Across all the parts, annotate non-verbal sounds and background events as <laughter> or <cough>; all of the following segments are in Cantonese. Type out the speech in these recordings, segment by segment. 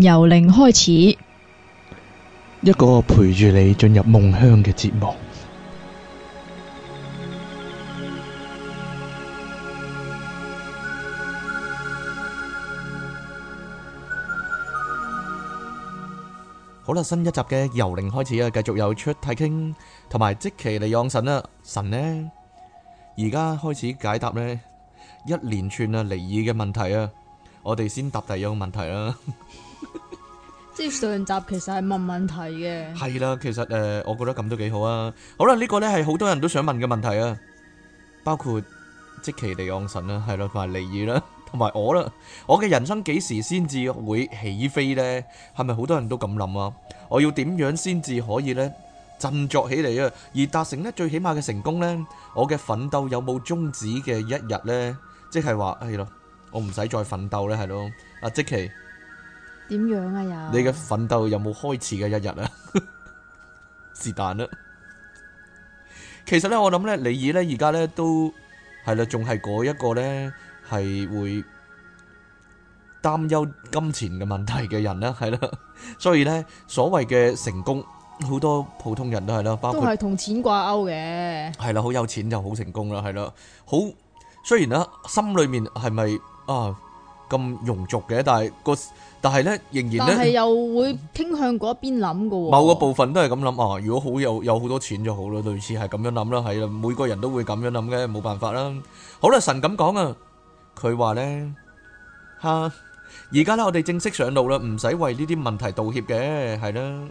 由零開始，一個陪住你進入夢鄉嘅節目。好啦，新一集嘅由零開始啊，繼續有出睇傾，同埋即期嚟養神啦。神呢，而家開始解答呢一連串啊離異嘅問題啊，我哋先答第一個問題啦。即上集其實係問問題嘅，係啦，其實誒，我覺得咁都幾好啊。好啦，呢個呢係好多人都想問嘅問題啊，包括即其、地盎神啦，係啦，同埋尼爾啦，同埋我啦。我嘅人生幾時先至會起飛呢？係咪好多人都咁諗啊？我要點樣先至可以呢振作起嚟啊？而達成呢最起碼嘅成功呢，我嘅奮鬥有冇終止嘅一日呢？即係話係咯，我唔使再奮鬥呢，係咯？阿即其。點樣啊又？又你嘅奮鬥有冇開始嘅一日啊？是但啦。其實咧，我諗咧，尼爾咧，而家咧都係啦，仲係嗰一個咧係會擔憂金錢嘅問題嘅人啦，係啦。所以咧，所謂嘅成功，好多普通人都係啦，包括都係同錢掛鈎嘅係啦。好有錢就好成功啦，係啦。好雖然咧，心裏面係咪啊咁庸俗嘅？但係、那個。但係咧，仍然咧，但係又會傾向嗰一邊諗噶。某個部分都係咁諗啊！如果好有有好多錢就好啦，類似係咁樣諗啦，係啦，每個人都會咁樣諗嘅，冇辦法啦。好啦，神咁講啊，佢話咧吓，而家咧，我哋正式上路啦，唔使為呢啲問題道歉嘅，係啦，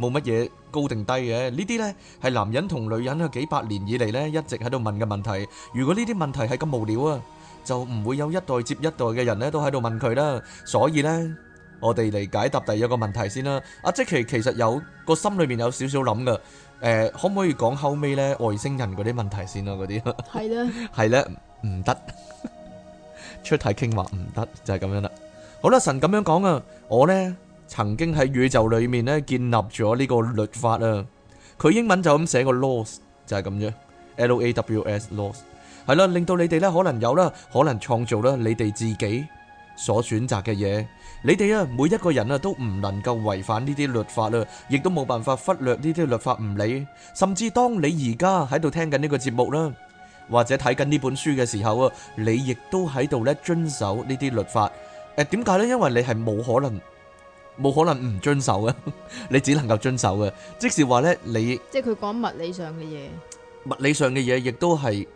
冇乜嘢高定低嘅，呢啲咧係男人同女人啊，幾百年以嚟，咧一直喺度問嘅問題。如果呢啲問題係咁無聊啊！就唔會有一代接一代嘅人咧，都喺度問佢啦。所以咧，我哋嚟解答第二個問題先啦。阿積奇其實有個心裏面有少少諗㗎。誒，可唔可以講後尾咧外星人嗰啲問題先啊？嗰啲係啦，係咧唔得，出題傾話唔得就係咁樣啦。好啦，神咁樣講啊，我咧曾經喺宇宙裏面咧建立咗呢個律法啊。佢英文就咁寫個 laws 就係咁樣，L A W S laws。係啦，令到你哋咧可能有啦，可能創造啦你哋自己所選擇嘅嘢。你哋啊，每一個人啊都唔能夠違反呢啲律法啦，亦都冇辦法忽略呢啲律法唔理。甚至當你而家喺度聽緊呢個節目啦，或者睇緊呢本書嘅時候啊，你亦都喺度咧遵守呢啲律法。誒，點解呢？因為你係冇可能冇可能唔遵守嘅，你只能夠遵守嘅。即係話呢，你即係佢講物理上嘅嘢，物理上嘅嘢亦都係。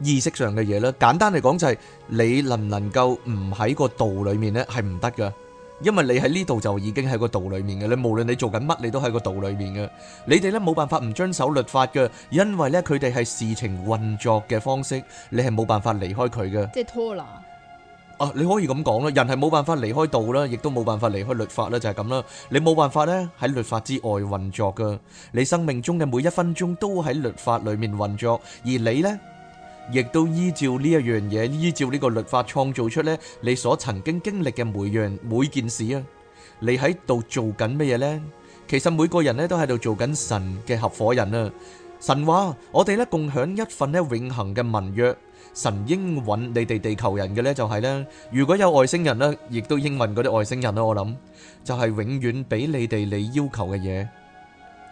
意識上嘅嘢咧，簡單嚟講就係你能唔能夠唔喺個道裡面咧，係唔得噶。因為你喺呢度就已經喺個道裡面嘅啦，你無論你做緊乜，你都喺個道裡面嘅。你哋咧冇辦法唔遵守律法噶，因為咧佢哋係事情運作嘅方式，你係冇辦法離開佢嘅。即係拖拉啊！你可以咁講啦，人係冇辦法離開道啦，亦都冇辦法離開律法啦，就係咁啦。你冇辦法咧喺律法之外運作嘅，你生命中嘅每一分鐘都喺律法裡面運作，而你咧，亦都依照呢一樣嘢，依照呢個律法創造出咧，你所曾經經歷嘅每樣每件事啊！你喺度做緊乜嘢咧？其實每個人咧都喺度做緊神嘅合夥人啊！神話我哋咧共享一份咧永恆嘅盟約。神應允你哋地球人嘅咧就係咧，如果有外星人咧，亦都應允嗰啲外星人咯，我諗就係永遠俾你哋你要求嘅嘢，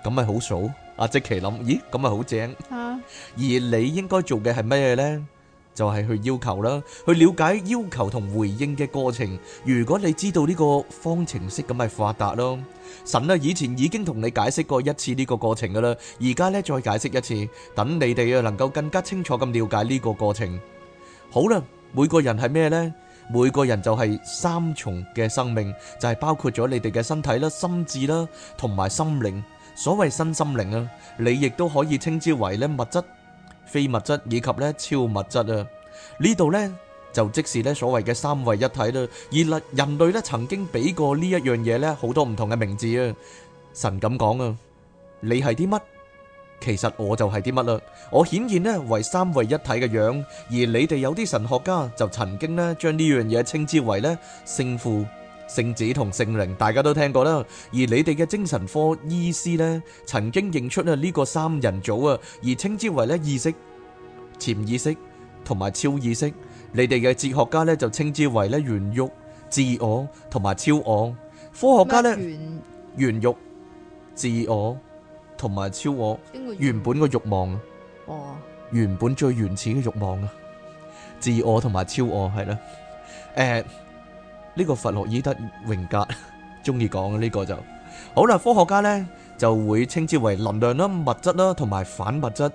咁咪好數？阿即奇諗，咦咁咪好正？而你應該做嘅係咩呢？就係去要求啦，去了解要求同回應嘅過程。如果你知道呢個方程式咁，咪發達咯。神啊，以前已經同你解釋過一次呢個過程噶啦，而家呢再解釋一次，等你哋啊能夠更加清楚咁了解呢個過程。好啦，每個人係咩呢？每個人就係三重嘅生命，就係包括咗你哋嘅身體啦、心智啦，同埋心靈。所謂身心靈啊，你亦都可以稱之為咧，物質、非物質以及咧超物質啊。呢度呢，就即是咧所謂嘅三位一體啦。而人類咧曾經俾過呢一樣嘢，咧好多唔同嘅名字啊。神咁講啊，你係啲乜？其實我就係啲乜啦。我顯然咧為三位一體嘅樣，而你哋有啲神學家就曾經咧將呢樣嘢稱之為咧聖父聖子同聖靈，大家都聽過啦。而你哋嘅精神科醫師咧，曾經認出呢個三人組啊，而稱之為咧意識、潛意識同埋超意識。你哋嘅哲學家咧就稱之為咧原欲、自我同埋超我。科學家呢，原欲、自我同埋超我，原本嘅欲望啊，哦，原本最原始嘅欲望啊，自我同埋超我係啦，誒。欸呢個佛洛伊德、榮格中意講嘅呢個就好啦。科學家呢就會稱之為能量啦、物質啦同埋反物質。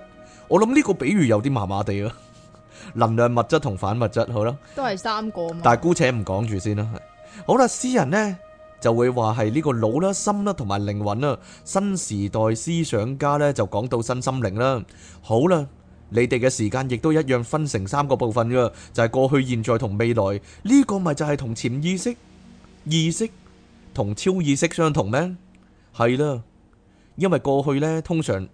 我諗呢個比喻有啲麻麻地咯。能量、物質同反物質，好啦。都係三個嘛。但係姑且唔講住先啦。係好啦，詩人呢就會話係呢個腦啦、心啦同埋靈魂啦。新時代思想家呢就講到新心靈啦。好啦。你哋嘅時間亦都一樣分成三個部分㗎，就係、是、過去、現在同未來。呢、呢個咪就係同潛意識、意識同超意識相同咩？係啦，因為過去呢，通常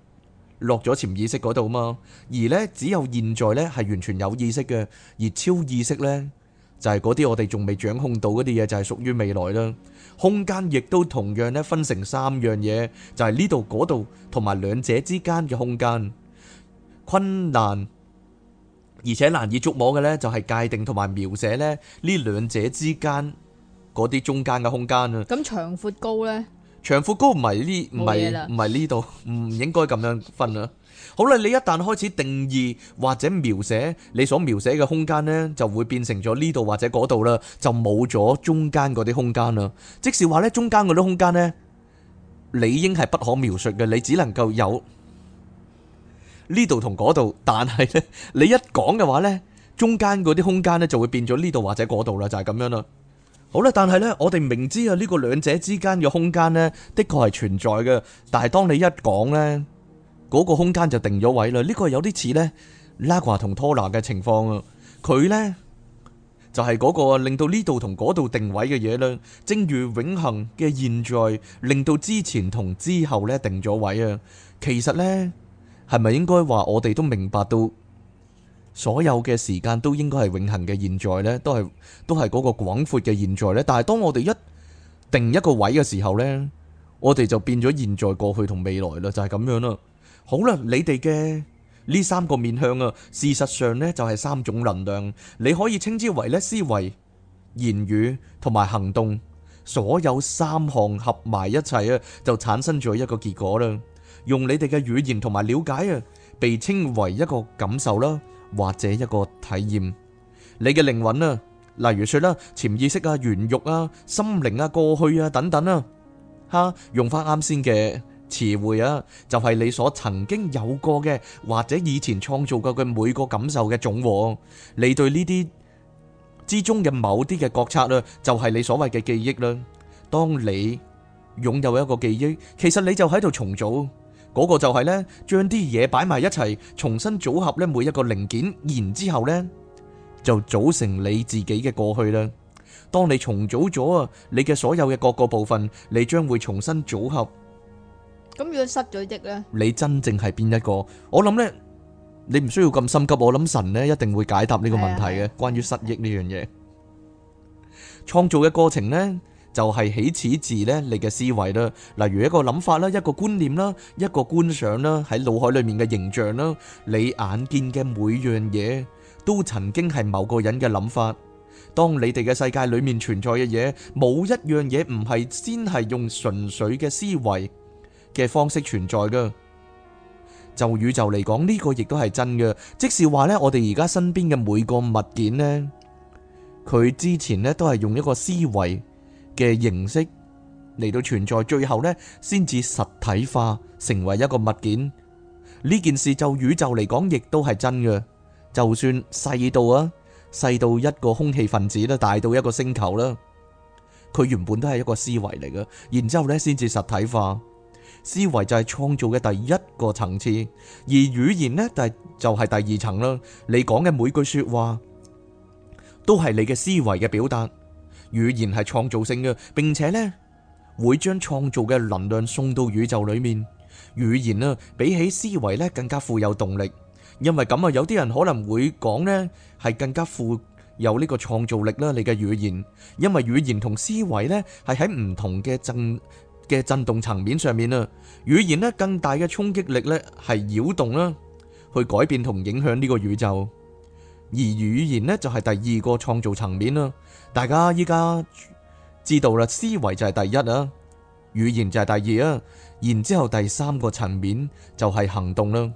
落咗潛意識嗰度嘛，而呢，只有現在呢，係完全有意識嘅，而超意識呢，就係嗰啲我哋仲未掌控到嗰啲嘢，就係屬於未來啦。空間亦都同樣呢，分成三樣嘢，就係呢度、嗰度同埋兩者之間嘅空間。困難而且難以捉摸嘅呢，就係界定同埋描寫呢呢兩者之間嗰啲中間嘅空間啊。咁長闊高呢？長闊高唔係，呢唔係，唔係呢度，唔應該咁樣分啦。好啦，你一旦開始定義或者描寫你所描寫嘅空間呢，就會變成咗呢度或者嗰度啦，就冇咗中間嗰啲空間啦。即是話呢，中間嗰啲空間呢，理應係不可描述嘅，你只能夠有。呢度同嗰度，但係呢，你一講嘅話呢，中間嗰啲空間呢就會變咗呢度或者嗰度啦，就係咁樣啦。好啦，但係呢，我哋明知啊，呢個兩者之間嘅空間呢的確係存在嘅，但係當你一講呢，嗰個空間就定咗位啦。呢個有啲似呢拉華同拖拿嘅情況啊，佢呢，就係嗰個令到呢度同嗰度定位嘅嘢啦。正如永恆嘅現在令到之前同之後呢定咗位啊，其實呢。係咪應該話我哋都明白到所有嘅時間都應該係永恆嘅現在呢，都係都係嗰個廣闊嘅現在呢？但係當我哋一定一個位嘅時候呢，我哋就變咗現在、過去同未來啦，就係咁樣啦。好啦，你哋嘅呢三個面向啊，事實上呢就係三種能量，你可以稱之為呢思維、言語同埋行動，所有三項合埋一齊啊，就產生咗一個結果啦。用你哋嘅語言同埋了解啊，被稱為一個感受啦，或者一個體驗。你嘅靈魂啊，例如說啦，潛意識啊、原欲啊、心靈啊、過去啊等等啊，吓用翻啱先嘅詞彙啊，就係你所曾經有過嘅，或者以前創造過嘅每個感受嘅總和。你對呢啲之中嘅某啲嘅覺察啊，就係你所謂嘅記憶啦。當你擁有一個記憶，其實你就喺度重組。嗰個就係呢，將啲嘢擺埋一齊，重新組合呢每一個零件，然之後呢就組成你自己嘅過去啦。當你重組咗啊，你嘅所有嘅各個部分，你將會重新組合。咁如果失咗憶呢，你真正係邊一個？我諗呢，你唔需要咁心急，我諗神呢一定會解答呢個問題嘅，關於失憶呢樣嘢，創造嘅過程呢。就係起始字呢，你嘅思維啦，例如一個諗法啦，一個觀念啦，一個觀想啦，喺腦海裏面嘅形象啦，你眼見嘅每樣嘢都曾經係某個人嘅諗法。當你哋嘅世界裏面存在嘅嘢，冇一樣嘢唔係先係用純粹嘅思維嘅方式存在㗎。就宇宙嚟講，呢個亦都係真嘅，即是話呢，我哋而家身邊嘅每個物件呢，佢之前呢都係用一個思維嘅形式嚟到存在，最後呢，先至實體化成為一個物件。呢件事就宇宙嚟講，亦都係真嘅。就算細到啊，細到一個空氣分子啦，大到一個星球啦，佢原本都係一個思維嚟嘅，然之後呢先至實體化。思維就係創造嘅第一個層次，而語言呢，就係第二層啦。你講嘅每句說話，都係你嘅思維嘅表達。語言係創造性嘅，並且呢會將創造嘅能量送到宇宙裏面。語言啊，比起思維呢更加富有動力，因為咁啊，有啲人可能會講呢係更加富有呢個創造力啦。你嘅語言，因為語言同思維呢係喺唔同嘅震嘅震動層面上面啊。語言呢更大嘅衝擊力呢係擾動啦，去改變同影響呢個宇宙。而語言咧就係第二個創造層面啦，大家依家知道啦，思維就係第一啊，語言就係第二啊，然之後第三個層面就係行動啦。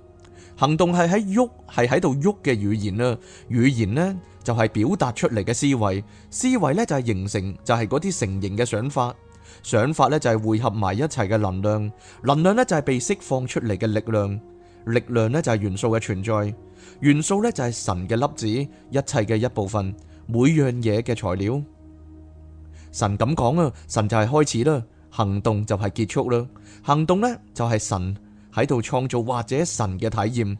行動係喺喐，係喺度喐嘅語言啦。語言呢，就係表達出嚟嘅思維，思維呢，就係形成，就係嗰啲成形嘅想法。想法呢，就係匯合埋一齊嘅能量，能量呢，就係被釋放出嚟嘅力量，力量呢，就係元素嘅存在。元素咧就係神嘅粒子，一切嘅一部分，每樣嘢嘅材料。神咁講啊，神就係開始啦，行動就係結束啦，行動咧就係神喺度創造或者神嘅體驗。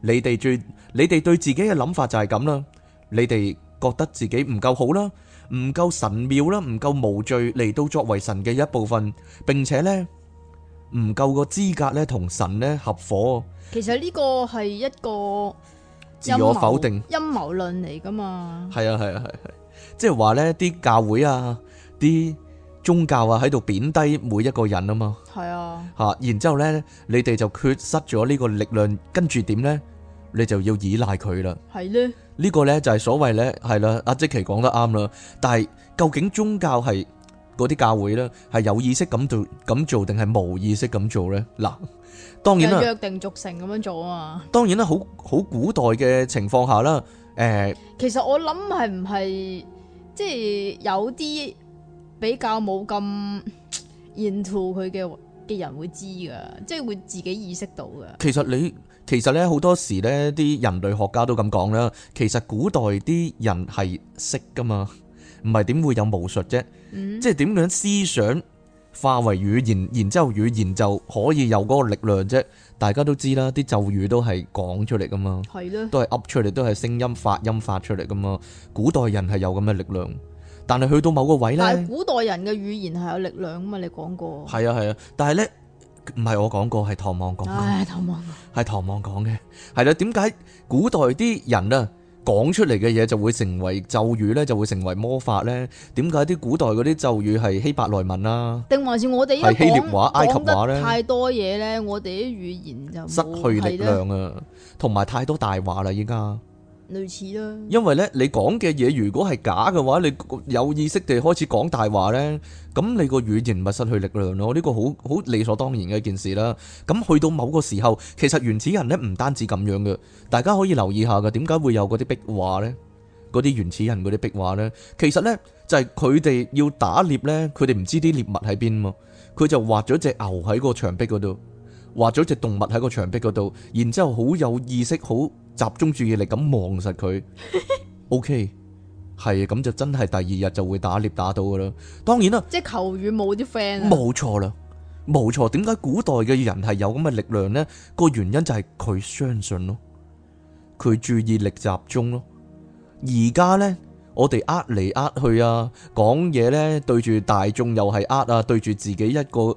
你哋最，你哋對自己嘅諗法就係咁啦，你哋覺得自己唔夠好啦，唔夠神妙啦，唔夠無罪嚟，到作為神嘅一部分，並且咧唔夠個資格咧同神咧合夥。其實呢個係一個自我否定陰謀論嚟噶嘛？係啊係啊係係、啊啊，即係話咧啲教會啊、啲宗教啊喺度貶低每一個人啊嘛。係啊，吓然之後咧，你哋就缺失咗呢個力量，跟住點咧？你就要依賴佢啦。係咧呢，個呢個咧就係、係、所謂咧係啦，阿即奇講得啱啦。但係究竟宗教係嗰啲教會咧係有意識咁做咁做，定係冇意識咁做咧？嗱。當然啦，約定俗成咁樣做啊嘛。當然啦，好好古代嘅情況下啦，誒，其實我諗係唔係即係有啲比較冇咁沿途佢嘅嘅人會知噶，即係會自己意識到噶。其實你其實咧好多時咧啲人類學家都咁講啦，其實古代啲人係識噶嘛，唔係點會有巫術啫？即係點樣思想？化為語言，然之後語言就可以有嗰個力量啫。大家都知啦，啲咒語都係講出嚟噶嘛，係咯的，都係噏出嚟，都係聲音發音發出嚟噶嘛。古代人係有咁嘅力量，但係去到某個位咧，係古代人嘅語言係有力量噶嘛？你講過，係啊，係啊，但係咧唔係我講過，係唐望講嘅，係唐望，係唐望講嘅，係啦、啊。點解古代啲人啊？講出嚟嘅嘢就會成為咒語咧，就會成為魔法咧。點解啲古代嗰啲咒語係希伯來文啦，啊？定還是我哋係希臘話埃及話咧？太多嘢咧，我哋啲語言就失去力量啊！同埋的太多大話啦，依家。類似啦，因為咧，你講嘅嘢如果係假嘅話，你有意識地開始講大話呢，咁你個語言咪失去力量咯？呢個好好理所當然嘅一件事啦。咁去到某個時候，其實原始人呢唔單止咁樣嘅，大家可以留意下嘅，點解會有嗰啲壁畫呢？嗰啲原始人嗰啲壁畫呢，其實呢就係佢哋要打獵呢，佢哋唔知啲獵物喺邊，佢就畫咗隻牛喺個牆壁嗰度，畫咗隻動物喺個牆壁嗰度，然之後好有意識，好。集中注意力咁望實佢，OK，係咁就真係第二日就會打獵打到噶啦。當然啦，即係求雨冇啲 friend，冇錯啦，冇錯。點解古代嘅人係有咁嘅力量呢？個原因就係佢相信咯，佢注意力集中咯。而家呢，我哋呃嚟呃去啊，講嘢呢對住大眾又係呃啊，對住自己一個。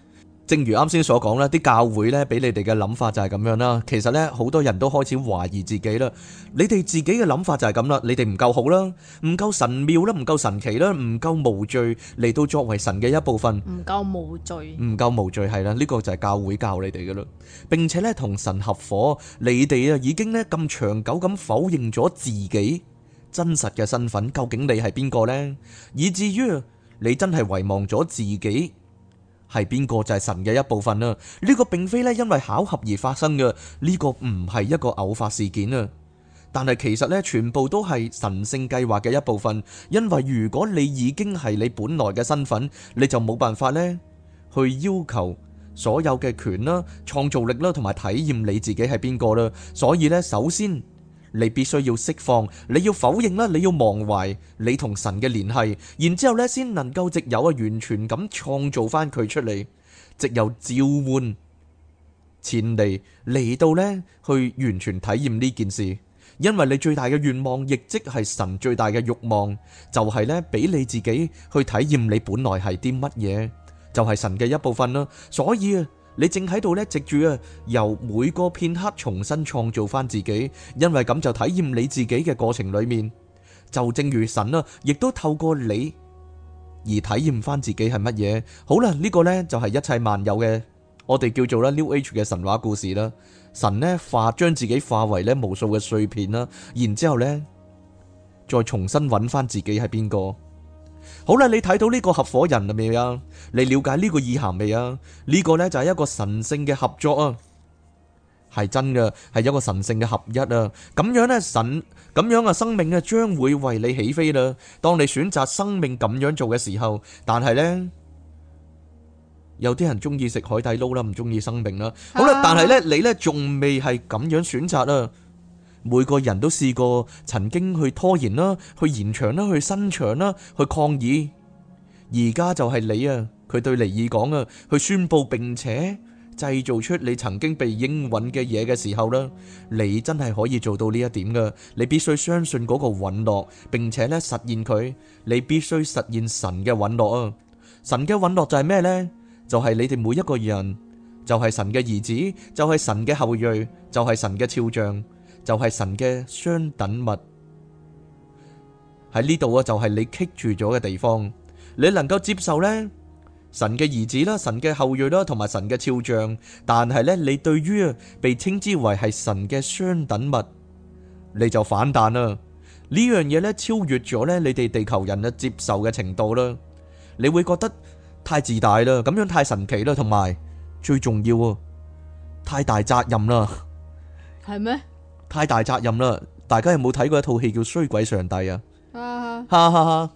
正如啱先所講啦，啲教會呢，俾你哋嘅諗法就係咁樣啦。其實呢，好多人都開始懷疑自己啦。你哋自己嘅諗法就係咁啦。你哋唔夠好啦，唔夠神妙啦，唔夠神奇啦，唔夠無罪嚟，到作為神嘅一部分，唔夠無罪，唔夠無罪係啦。呢個就係教會教你哋嘅啦，並且呢，同神合夥，你哋啊已經呢咁長久咁否認咗自己真實嘅身份，究竟你係邊個呢？以至於你真係遺忘咗自己。係邊個就係、是、神嘅一部分啦，呢、這個並非咧因為巧合而發生嘅，呢、這個唔係一個偶發事件啊！但係其實咧，全部都係神聖計劃嘅一部分，因為如果你已經係你本來嘅身份，你就冇辦法咧去要求所有嘅權啦、創造力啦同埋體驗你自己係邊個啦，所以咧，首先。你必須要釋放，你要否認啦，你要忘懷，你同神嘅聯繫，然之後咧，先能夠藉由啊完全咁創造翻佢出嚟，藉由召喚前嚟嚟到咧去完全體驗呢件事，因為你最大嘅願望，亦即係神最大嘅欲望，就係咧俾你自己去體驗你本來係啲乜嘢，就係神嘅一部分啦，所以。你正喺度咧，藉住啊，由每個片刻重新創造翻自己，因為咁就體驗你自己嘅過程裏面，就正如神啊，亦都透過你而體驗翻自己係乜嘢。好啦，呢個呢，就係一切萬有嘅，我哋叫做啦 New Age 嘅神話故事啦。神呢，化將自己化為咧無數嘅碎片啦，然之後咧再重新揾翻自己係邊個。好啦，你睇到呢個合夥人啦未啊？你了解呢個意涵未啊？呢個呢就係一個神聖嘅合作啊，係真嘅，係一個神聖嘅合一啊。咁樣呢，神，咁樣嘅生命呢，將會為你起飛啦。當你選擇生命咁樣做嘅時候，但係呢，有啲人中意食海底撈啦，唔中意生命啦。好啦，但係呢，你呢仲未係咁樣選擇啊。每個人都試過曾經去拖延啦，去延長啦，去伸長啦，去抗議。而家就係你啊，佢對尼爾講啊，去宣布並且製造出你曾經被應允嘅嘢嘅時候啦，你真係可以做到呢一點噶。你必須相信嗰個允諾，並且咧實現佢。你必須實現神嘅允諾啊！神嘅允諾就係咩呢？就係你哋每一個人，就係神嘅兒子，就係神嘅後裔，就係神嘅肖像。就係神嘅相等物喺呢度啊，就係你棘住咗嘅地方，你能夠接受咧？神嘅兒子啦，神嘅後裔啦，同埋神嘅肖像，但係咧，你對於被稱之為係神嘅相等物，你就反彈啦。呢樣嘢咧超越咗咧你哋地球人嘅接受嘅程度啦，你會覺得太自大啦，咁樣太神奇啦，同埋最重要啊，太大責任啦。係咩？太大責任啦！大家有冇睇過一套戲叫《衰鬼上帝》啊？哈哈哈，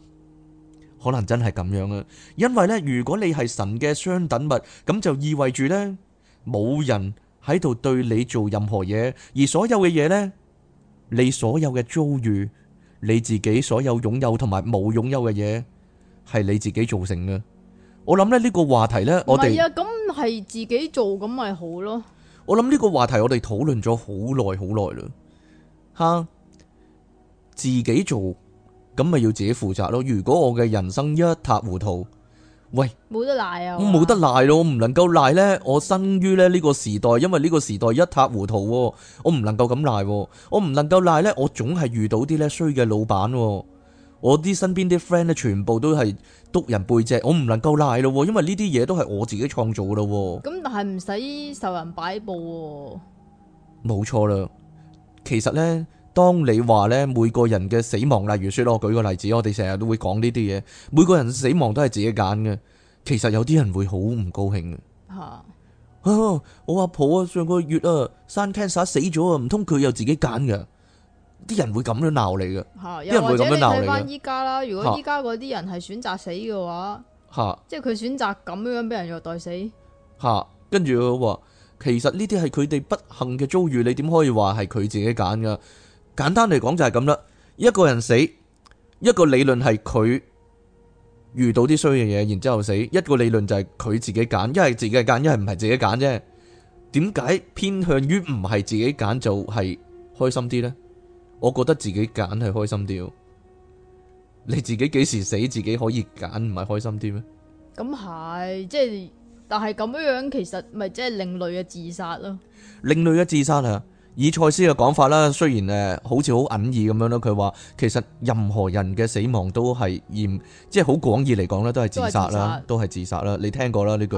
可能真係咁樣啊！因為咧，如果你係神嘅相等物，咁就意味住咧，冇人喺度對你做任何嘢，而所有嘅嘢咧，你所有嘅遭遇，你自己所有擁有同埋冇擁有嘅嘢，係你自己造成嘅。我諗咧呢個話題咧，我哋咁係自己做咁咪好咯。我諗呢個話題我哋討論咗好耐好耐啦，吓，自己做咁咪要自己負責咯。如果我嘅人生一塌糊塗，喂，冇得賴啊！我冇得賴咯，我唔能夠賴呢。我生於咧呢個時代，因為呢個時代一塌糊塗，我唔能夠咁賴。我唔能夠賴呢，我總係遇到啲咧衰嘅老闆。我啲身邊啲 friend 咧，全部都係督人背脊，我唔能夠賴咯，因為呢啲嘢都係我自己創造噶咯。咁但係唔使受人擺布，啊。冇錯啦，其實咧，當你話咧，每個人嘅死亡，例如說，我舉個例子，我哋成日都會講呢啲嘢，每個人死亡都係自己揀嘅。其實有啲人會好唔高興嘅。吓，啊啊，我阿婆啊，上個月啊，生 cancer 死咗啊，唔通佢又自己揀嘅？啲人會咁樣鬧你嘅，啲、啊、人會咁樣鬧你嘅。睇翻依家啦，如果依家嗰啲人係選擇死嘅話，啊、即係佢選擇咁樣俾人虐待死。吓、啊，跟住佢話，其實呢啲係佢哋不幸嘅遭遇，你點可以話係佢自己揀噶？簡單嚟講就係咁啦，一個人死，一個理論係佢遇到啲衰嘅嘢，然之後死；一個理論就係佢自己揀，一係自己揀，一係唔係自己揀啫。點解偏向於唔係自己揀就係開心啲呢？我覺得自己揀係開心啲，你自己幾時死自己可以揀，唔係開心啲咩？咁係，即係，但係咁樣樣其實咪即係另類嘅自殺咯。另類嘅自殺啊！以塞斯嘅講法啦，雖然誒好似好隱意咁樣咯，佢話其實任何人嘅死亡都係嚴，即係好廣義嚟講咧，都係自殺啦，都係自殺啦。你聽過啦呢句，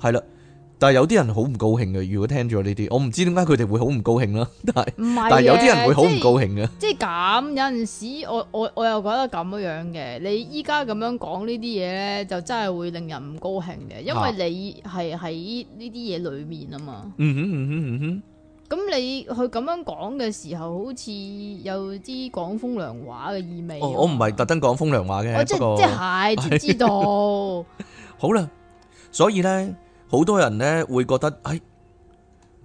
係啦、啊。但係有啲人好唔高興嘅，如果聽住我呢啲，我唔知點解佢哋會好唔高興啦。但係，但係有啲人會好唔高興嘅。即係咁，有陣時我我我又覺得咁樣嘅。你依家咁樣講呢啲嘢呢，就真係會令人唔高興嘅，因為你係喺呢啲嘢裏面啊嘛。嗯哼、嗯哼、嗯哼。咁你佢咁樣講嘅時候，好似有啲講風涼話嘅意味我。我唔係特登講風涼話嘅。我即係即係，係，知道。 <laughs> <laughs> 好啦，所以呢。好多人呢，會覺得，誒，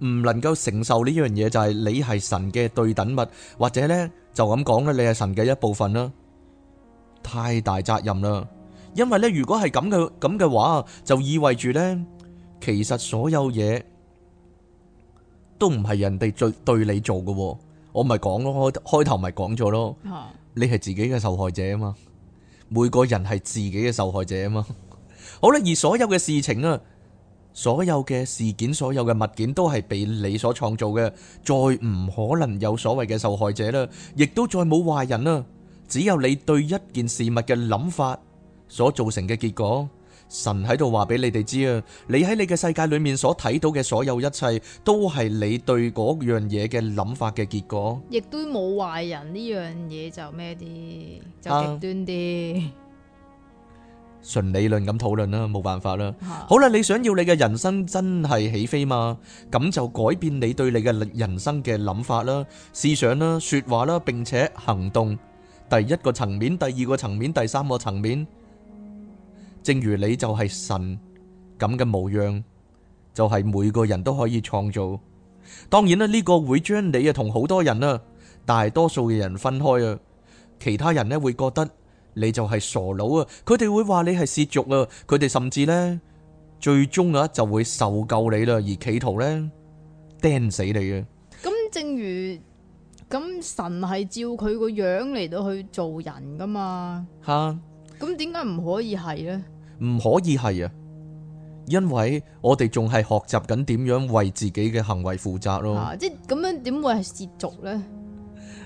唔能夠承受呢樣嘢，就係你係神嘅對等物，或者呢，就咁講啦，你係神嘅一部分啦，太大責任啦。因為呢，如果係咁嘅咁嘅話，就意味住呢，其實所有嘢都唔係人哋對對你做嘅，我咪講咯，開開頭咪講咗咯，你係自己嘅受害者啊嘛，每個人係自己嘅受害者啊嘛，好啦，而所有嘅事情啊。所有嘅事件，所有嘅物件都係被你所創造嘅，再唔可能有所謂嘅受害者啦，亦都再冇壞人啦，只有你對一件事物嘅諗法所造成嘅結果。神喺度話俾你哋知啊，你喺你嘅世界裏面所睇到嘅所有一切都係你對嗰樣嘢嘅諗法嘅結果。亦都冇壞人呢樣嘢，就咩啲？就極端啲。Uh, 純理論咁討論啦，冇辦法啦。好啦，你想要你嘅人生真係起飛嘛？咁就改變你對你嘅人生嘅諗法啦，思想啦，說話啦，並且行動。第一個層面，第二個層面，第三個層面，正如你就係神咁嘅模樣，就係每個人都可以創造。當然啦，呢個會將你啊同好多人啊，大多數嘅人分開啊。其他人呢會覺得，你就係傻佬啊！佢哋會話你係褻瀆啊！佢哋甚至咧，最終啊就會受夠你啦，而企圖咧釘死你啊。咁正如咁神係照佢個樣嚟到去做人噶嘛？吓，咁點解唔可以係咧？唔可以係啊，因為我哋仲係學習緊點樣為自己嘅行為負責咯。啊，即係咁樣點會係褻瀆咧？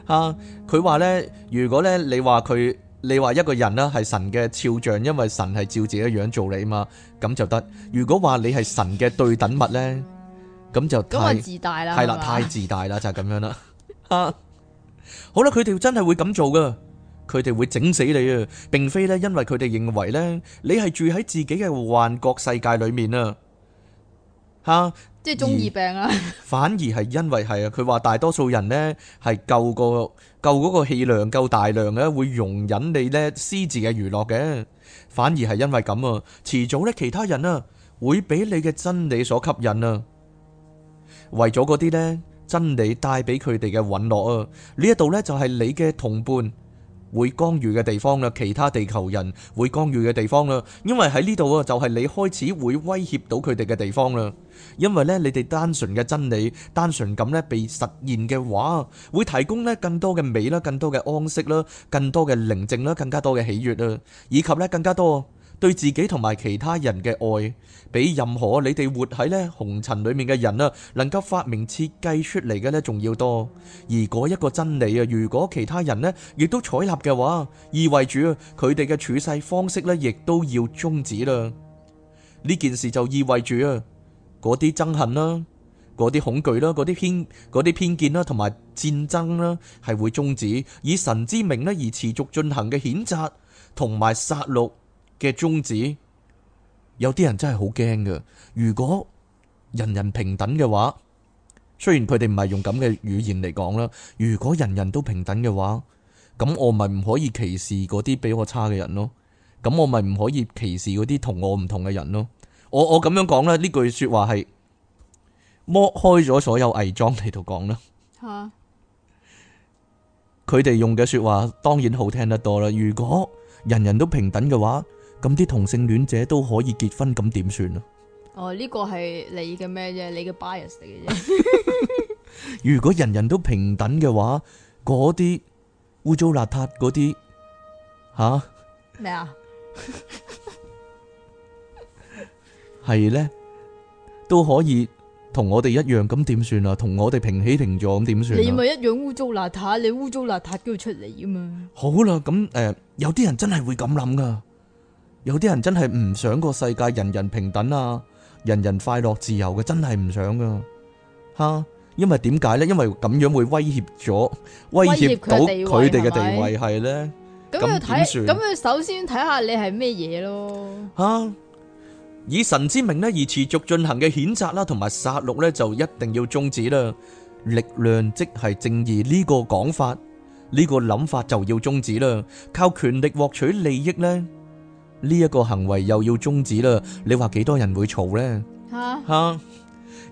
吓，佢話咧，如果咧你話佢。你話一個人啦，係神嘅肖像，因為神係照自己嘅樣做你嘛，咁就得。如果話你係神嘅對等物咧，咁就太自大啦，係啦，太自大啦，就係咁樣啦。吓，好啦，佢哋真係會咁做噶，佢哋會整死你啊，並非咧，因為佢哋認為咧，你係住喺自己嘅幻覺世界裏面啊。吓，即係中二病啊。反而係因為係啊，佢話大多數人咧係救過，夠嗰個氣量，夠大量嘅會容忍你呢私自嘅娛樂嘅，反而係因為咁啊，遲早呢，其他人啊會俾你嘅真理所吸引啊，為咗嗰啲呢真理帶俾佢哋嘅隕落啊，呢一度呢就係你嘅同伴，會干預嘅地方啦，其他地球人會干預嘅地方啦，因為喺呢度啊，就係你開始會威脅到佢哋嘅地方啦。因為呢，你哋單純嘅真理、單純咁呢被實現嘅話，會提供呢更多嘅美啦、更多嘅安息啦、更多嘅寧靜啦、更加多嘅喜悅啦，以及呢更加多。對自己同埋其他人嘅愛，比任何你哋活喺呢紅塵裏面嘅人啊，能夠發明設計出嚟嘅呢仲要多。而嗰一個真理啊，如果其他人呢亦都採納嘅話，意味住佢哋嘅處世方式呢亦都要終止啦。呢件事就意味住啊，嗰啲憎恨啦，嗰啲恐懼啦，嗰啲偏嗰啲偏見啦，同埋戰爭啦，係會終止以神之名呢而持續進行嘅譴責同埋殺戮。嘅宗旨，有啲人真係好驚㗎。如果人人平等嘅話，雖然佢哋唔係用咁嘅語言嚟講啦，如果人人都平等嘅話，咁我咪唔可以歧視嗰啲比我差嘅人咯？咁我咪唔可以歧視嗰啲同我唔同嘅人咯？我我咁樣講啦，呢句說話， <laughs> 說話係剝開咗所有偽裝嚟度講啦。吓，佢哋用嘅說話當然好聽得多啦。如果人人都平等嘅話，咁啲同性戀者都可以結婚，咁點算啊？哦，呢個係你嘅咩啫？你嘅 bias 嚟嘅啫。如果人人都平等嘅話，嗰啲污糟邋遢嗰啲吓咩啊？係咧都可以同我哋一樣，咁點算啊？同我哋平起平坐，咁點算啊？你咪一樣污糟邋遢，你污糟邋遢都要出嚟啊嘛！好啦，咁誒，有啲人真係會咁諗噶有啲人真係唔想個世界人人平等啊，人人快樂自由嘅真係唔想噶吓，因為點解咧？因為咁樣會威脅咗威脅到佢哋嘅地位係咧。咁要睇，咁點算？咁要首先睇下你係咩嘢咯吓。以神之名咧，而持續進行嘅譴責啦，同埋殺戮咧，就一定要終止啦。力量即係正義呢個講法，呢個諗法就要終止啦。靠權力獲取利益咧。呢一個行為又要終止啦，你話幾多人會嘈咧？吓，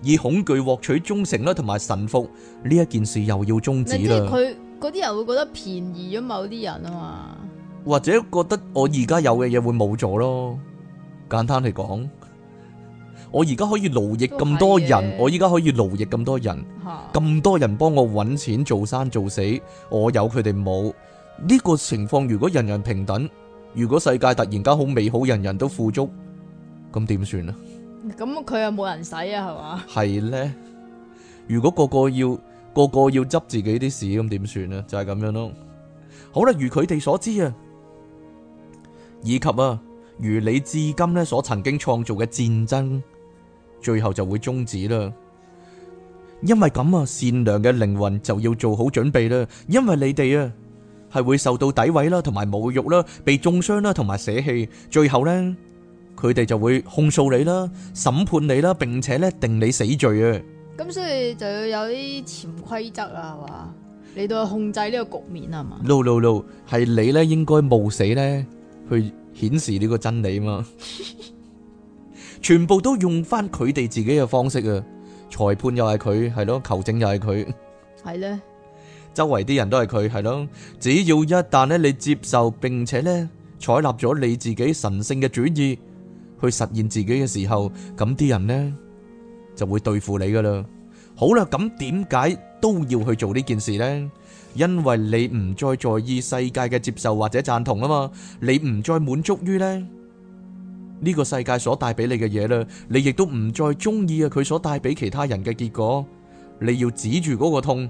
以恐懼獲取忠誠啦，同埋臣服呢一件事又要終止啦。佢嗰啲人會覺得便宜咗某啲人啊嘛，或者覺得我而家有嘅嘢會冇咗咯。簡單嚟講，我而家可以勞役咁多人，我而家可以勞役咁多人，咁多人幫我搵錢做生做死，我有佢哋冇呢個情況。如果人人平等。如果世界突然間好美好，人人都富足，咁點算啊？咁佢又冇人使啊，係嘛？係咧，如果個個要個個要執自己啲事，咁點算啊？就係咁樣咯。好啦，如佢哋所知啊，以及啊，如你至今咧所曾經創造嘅戰爭，最後就會終止啦。因為咁啊，善良嘅靈魂就要做好準備啦。因為你哋啊。係會受到詆毀啦，同埋侮辱啦，被中傷啦，同埋捨棄，最後咧，佢哋就會控訴你啦，審判你啦，並且咧定你死罪啊！咁所以就要有啲潛規則啊，係嘛，你都控制呢個局面啊嘛？No no no，係你咧應該冒死咧去顯示呢個真理啊嘛！全部都用翻佢哋自己嘅方式啊！裁判又係佢，係咯，求證又係佢，係咧。周圍啲人都係佢，係咯。只要一旦咧你接受並且咧採納咗你自己神聖嘅主意去實現自己嘅時候，咁啲人咧就會對付你噶啦。好啦，咁點解都要去做呢件事咧？因為你唔再在意世界嘅接受或者贊同啊嘛，你唔再滿足於咧呢個世界所帶俾你嘅嘢啦，你亦都唔再中意啊佢所帶俾其他人嘅結果。你要止住嗰個痛。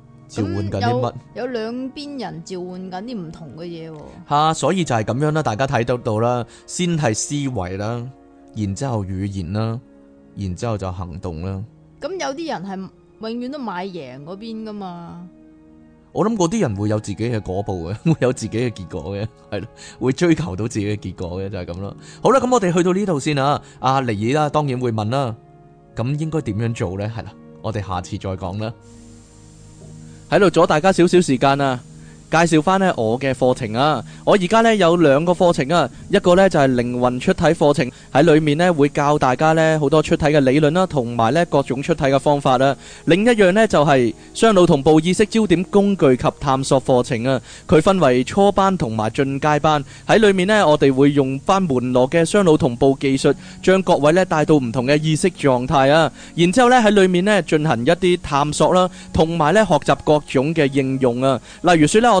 召喚緊啲乜？有兩邊人召喚緊啲唔同嘅嘢喎。吓，所以就係咁樣啦，大家睇得到啦，先係思維啦，然之後語言啦，然之後就行動啦。咁有啲人係永遠都買贏嗰邊噶嘛？我諗嗰啲人會有自己嘅果報嘅，會有自己嘅結果嘅，係咯，會追求到自己嘅結果嘅，就係咁啦。好啦，咁我哋去到呢度先啊。阿尼爾啦，當然會問啦，咁應該點樣做咧？係啦，我哋下次再講啦。喺度阻大家少少時間啊！介紹翻咧我嘅課程啊！我而家咧有兩個課程啊，一個咧就係靈魂出體課程，喺裏面咧會教大家咧好多出體嘅理論啦，同埋咧各種出體嘅方法啦。另一樣咧就係雙腦同步意識焦點工具及探索課程啊。佢分為初班同埋進階班，喺裏面咧我哋會用翻門羅嘅雙腦同步技術，將各位咧帶到唔同嘅意識狀態啊。然之後咧喺裏面咧進行一啲探索啦，同埋咧學習各種嘅應用啊。例如説咧我。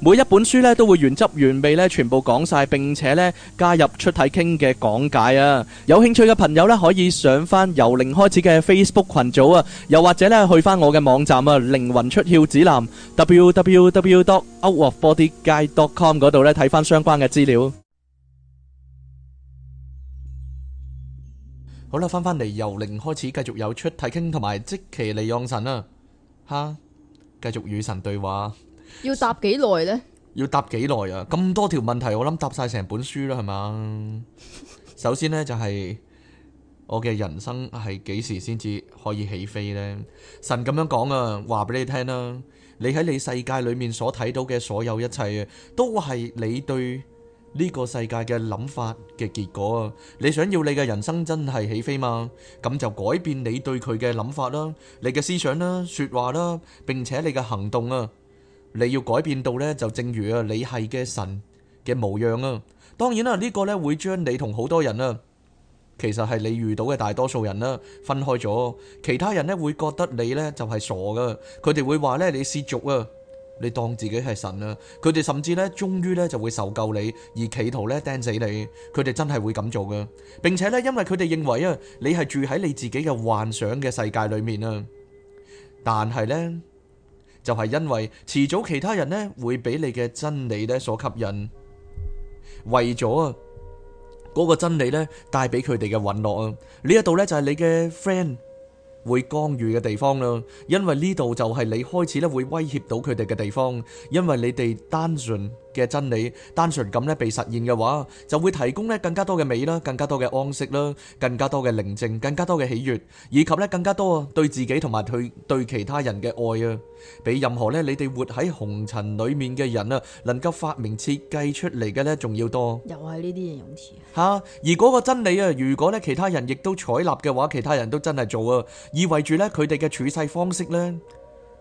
每一本書咧都會原汁原味咧，全部講晒，並且咧加入出體傾嘅講解啊！有興趣嘅朋友咧可以上翻由零開始嘅 Facebook 群組啊，又或者咧去翻我嘅網站啊，靈魂出竅指南 www.outofbodyguide.com 嗰度咧睇翻相關嘅資料。好啦，翻翻嚟由零開始，繼續有出體傾同埋積極利用神啊！哈，繼續與神對話。要答幾耐呢？要答幾耐啊？咁多條問題，我諗答晒成本書啦，係嘛？ <laughs> 首先呢，就係、是、我嘅人生係幾時先至可以起飛呢？神咁樣講啊，話俾你聽、啊、啦。你喺你世界裏面所睇到嘅所有一切啊，都係你對呢個世界嘅諗法嘅結果啊。你想要你嘅人生真係起飛嘛？咁就改變你對佢嘅諗法啦、啊，你嘅思想啦、啊，說話啦、啊，並且你嘅行動啊。你要改變到呢，就正如啊，你係嘅神嘅模樣啊。當然啦，呢個呢會將你同好多人啊，其實係你遇到嘅大多數人啦，分開咗。其他人呢會覺得你呢就係傻噶，佢哋會話呢：「你褻瀆啊，你當自己係神啊。」佢哋甚至呢，終於呢就會受夠你而企圖呢釘死你，佢哋真係會咁做噶，並且呢，因為佢哋認為啊，你係住喺你自己嘅幻想嘅世界裏面啊，但係呢。就係因為遲早其他人咧會俾你嘅真理咧所吸引，為咗嗰個真理咧帶俾佢哋嘅允諾啊，呢一度咧就係你嘅 friend 會干預嘅地方啦，因為呢度就係你開始咧會威脅到佢哋嘅地方，因為你哋單純嘅真理單純咁咧被實現嘅話，就會提供咧更加多嘅美啦，更加多嘅安息啦，更加多嘅寧靜，更加多嘅喜悅，以及咧更加多對自己同埋去對其他人嘅愛啊，比任何咧你哋活喺紅塵裏面嘅人啊，能夠發明設計出嚟嘅咧仲要多。又係呢啲形容詞吓，而嗰個真理啊，如果咧其他人亦都採納嘅話，其他人都真係做啊，意味住咧佢哋嘅處世方式咧，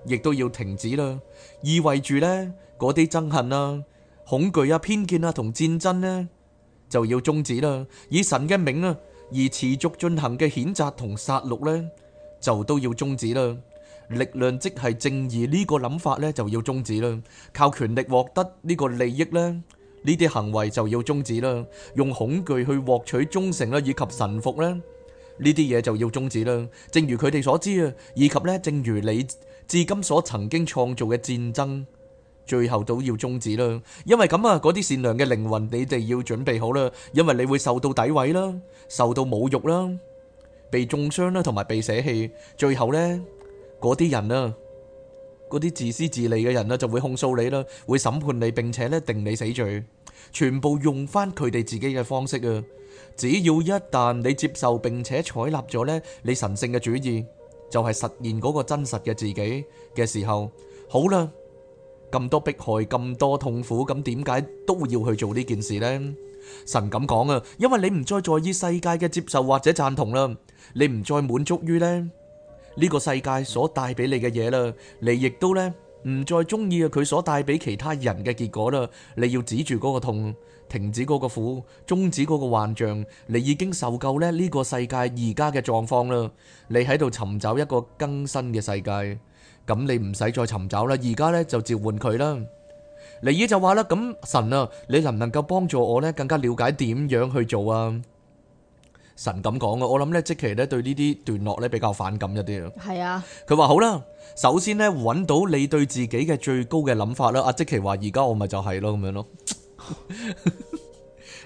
亦都要停止啦，意味住咧嗰啲憎恨啊。恐懼啊、偏見啊同戰爭咧就要終止啦，以神嘅名啊而持續進行嘅譴責同殺戮咧就都要終止啦。力量即係正義呢個諗法咧就要終止啦。靠權力獲得呢個利益咧呢啲行為就要終止啦。用恐懼去獲取忠誠啦以及臣服咧呢啲嘢就要終止啦。正如佢哋所知啊，以及咧正如你至今所曾經創造嘅戰爭。最後都要終止啦，因為咁啊，嗰啲善良嘅靈魂，你哋要準備好啦，因為你會受到詆毀啦，受到侮辱啦，被中傷啦，同埋被捨棄。最後咧，嗰啲人啊，嗰啲自私自利嘅人啊，就會控訴你啦，會審判你，並且咧定你死罪，全部用翻佢哋自己嘅方式啊。只要一旦你接受並且採納咗咧，你神聖嘅主義，就係實現嗰個真實嘅自己嘅時候，好啦。咁多迫害，咁多痛苦，咁點解都要去做呢件事呢？神咁講啊，因為你唔再在意世界嘅接受或者贊同啦，你唔再滿足於呢呢個世界所帶俾你嘅嘢啦，你亦都呢唔再中意啊佢所帶俾其他人嘅結果啦。你要止住嗰個痛，停止嗰個苦，終止嗰個幻象。你已經受夠咧呢個世界而家嘅狀況啦，你喺度尋找一個更新嘅世界。咁你唔使再尋找啦，而家咧就召喚佢啦。尼爾就話啦，咁神啊，你能唔能夠幫助我咧，更加了解點樣去做啊？神咁講嘅，我諗咧積奇咧對呢啲段落咧比較反感一啲啊。係啊，佢話好啦，首先咧揾到你對自己嘅最高嘅諗法啦。阿積奇話，而家我咪就係咯咁樣咯。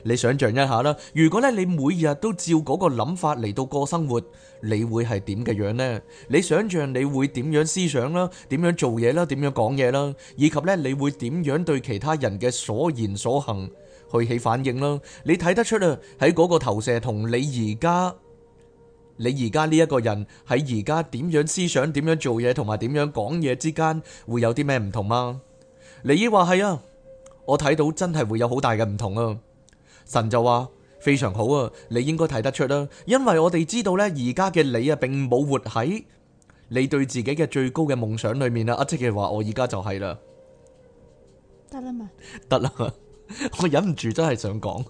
你想象一下啦，如果咧你每日都照嗰個諗法嚟到過生活，你會係點嘅樣呢？你想象你會點樣思想啦，點樣做嘢啦，點樣講嘢啦，以及咧你會點樣對其他人嘅所言所行去起反應啦？你睇得出啊，喺嗰個投射同你而家，你而家呢一個人喺而家點樣思想、點樣做嘢同埋點樣講嘢之間會有啲咩唔同嗎？你話係啊，我睇到真係會有好大嘅唔同啊！神就話非常好啊，你應該睇得出啦，因為我哋知道呢，而家嘅你啊，並冇活喺你對自己嘅最高嘅夢想裏面啦。即係嘅話，我而家就係啦，得啦嘛？得啦，我忍唔住真係想講。